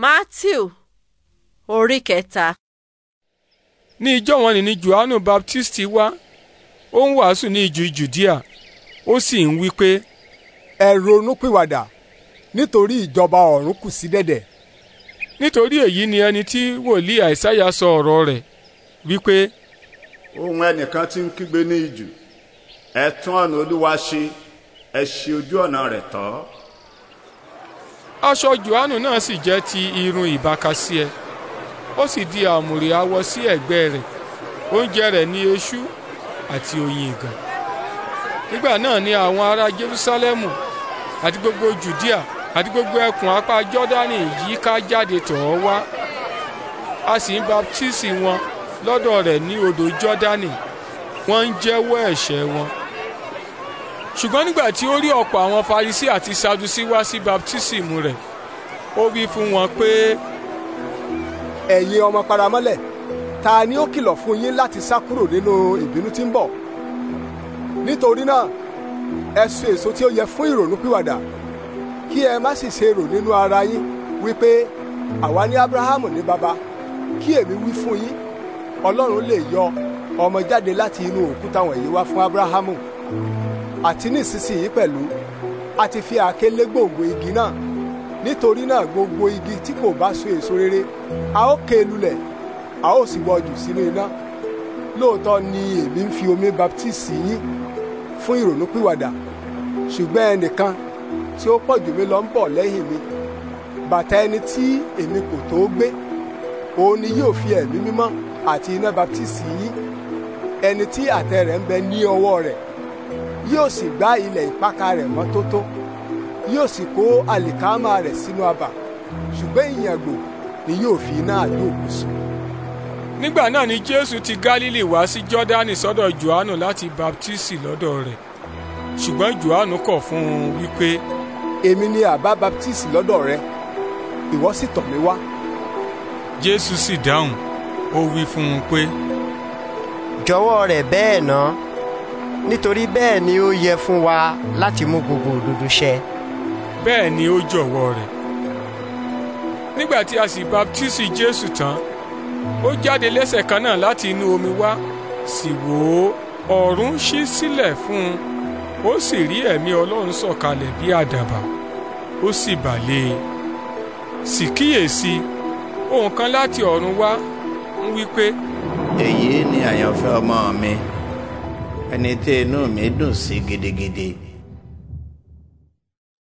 Matthew orí kẹta. ní ìjọ́ wọn ni Jòhánù Baptisti wá ó ń wàásù ní ìjù Jùdíà ó sì ń wí pé. ẹ ronúpìwàdà nítorí ìjọba ọ̀run kù sí dẹ̀dẹ̀. nítorí èyí ni ẹni tí wòlíì Àìsáyà sọ ọ̀rọ̀ rẹ̀ wípé. ohun ẹnìkan tí ń kígbe ní ìjù ẹ tún ọ̀nà Olúwa ṣe ẹ ṣe ojú ọ̀nà rẹ̀ tọ́ aṣọ johannu náà sì jẹ́ ti irun ìbákasíẹ ó sì di àmùrè awọ sí ẹ̀gbẹ́ rẹ̀ oúnjẹ rẹ̀ ní eṣú àti oyin ìgàn nígbà náà ni àwọn ará Jerúsálẹ́mù àti gbogbo Jùdíà àti gbogbo ẹkùn apá Jọ́dánì yìí ká jáde tọ̀ ọ́ wá a sì ń baptisi wọn lọ́dọ̀ rẹ̀ ní odò Jọ́dánì wọ́n ń jẹ́wọ́ ẹ̀ṣẹ̀ wọn ṣùgbọ́n nígbà tí ó rí ọ̀pọ̀ àwọn Farisí àti Sadusí wá sí baptisimu rẹ̀ ó wí fún wọn pé. ẹ̀yin ọmọ paramọ́lẹ̀ ta ni ó kìlọ̀ fún yín láti sá kúrò nínú ìbínú tí ń bọ̀ nítorí náà ẹ so èso tí ó yẹ fún ìrònúpìwàdà kí ẹ má sì ṣe rò nínú ara yín wípé àwa ní Abrahamu ní baba kí èmi wí fún yín Ọlọ́run lè yọ ọmọ jáde láti inú òkúta wọ̀nyí wá fún Abrahamu àti nísinsìnyí pẹ̀lú a ti fi àáké lé gbòǹgbò igi náà nítorí náà gbogbo igi tí kò bá so èso rere a ó ké e lulẹ̀ a ó sì wọ́ jù sínú iná lóòótọ́ ni èmi ń fi omi baptisi yín fún ìrònúpìwàdà ṣùgbọ́n ẹnìkan tí ó pọ̀ jù mí lọ ń bọ̀ lẹ́yìn mi bàtà ẹni tí èmi kò tó gbé òun ni yóò fi ẹ̀mí mímọ́ àti iná baptisi yín ẹni tí àtẹ rẹ̀ ń bẹ ní ọwọ́ rẹ̀ yóò sì gbá ilẹ̀ ìpakà rẹ̀ mọ́ tótó yóò sì kó àlìkámà rẹ̀ sínú abà ṣùgbọ́n ìyàngbò ni yóò fi iná àdóòkú sùn. nígbà náà ni jésù ti gálílì wá sí jọ́dánì sọ́dọ̀ johannu láti baptisi lọ́dọ̀ rẹ̀ ṣùgbọ́n johannu kọ̀ fún un wípé. èmi ni àbá baptisi lọ́dọ̀ rẹ ìwọ sì tọ̀ mí wá. jésù sì dáhùn ó wí fún un pé. jọ̀wọ́ rẹ̀ bẹ́ẹ̀ náà nítorí bẹ́ẹ̀ ni ó yẹ fún wa láti mú gbogbo òdodo ṣẹ. bẹ́ẹ̀ ni ó jọ̀wọ́ rẹ̀ nígbà tí a sì baptisi Jésù tán ó jáde lẹ́sẹ̀ kan náà láti inú omi wá sì wò ó ọ̀run ṣí sílẹ̀ fún un ó sì rí ẹ̀mí Ọlọ́run sọ̀kalẹ̀ bí àdàbà ó sì bà e sì kíyèsí ohùn kan láti ọ̀run wá ń wí pé. èyí ni àyànfẹ́ ọmọ mi ẹni tí inú mi dùn sí gidigidi.